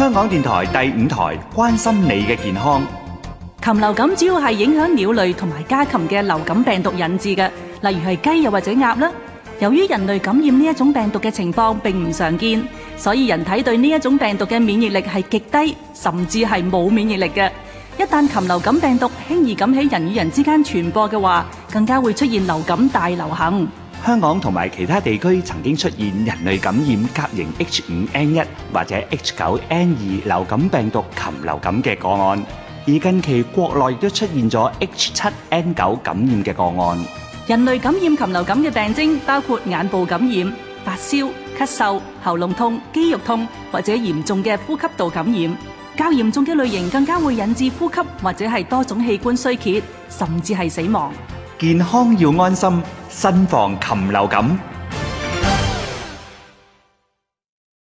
香港電台第五台，關心你嘅健康。禽流感主要係影響鳥類同埋家禽嘅流感病毒引致嘅，例如係雞又或者鴨啦。由於人類感染呢一種病毒嘅情況並唔常見，所以人體對呢一種病毒嘅免疫力係極低，甚至係冇免疫力嘅。一旦禽流感病毒輕易咁喺人與人之間傳播嘅話，更加會出現流感大流行。香港同埋其他地區曾經出現人類感染甲型 H5N1 或者 H9N2 流感病毒禽流感嘅個案，而近期國內都出現咗 H7N9 感染嘅個案。人類感染禽流感嘅病徵包括眼部感染、發燒、咳嗽、喉嚨痛、肌肉痛或者嚴重嘅呼吸道感染。較嚴重嘅類型更加會引致呼吸或者係多種器官衰竭，甚至係死亡。健康要安心，慎防禽流感。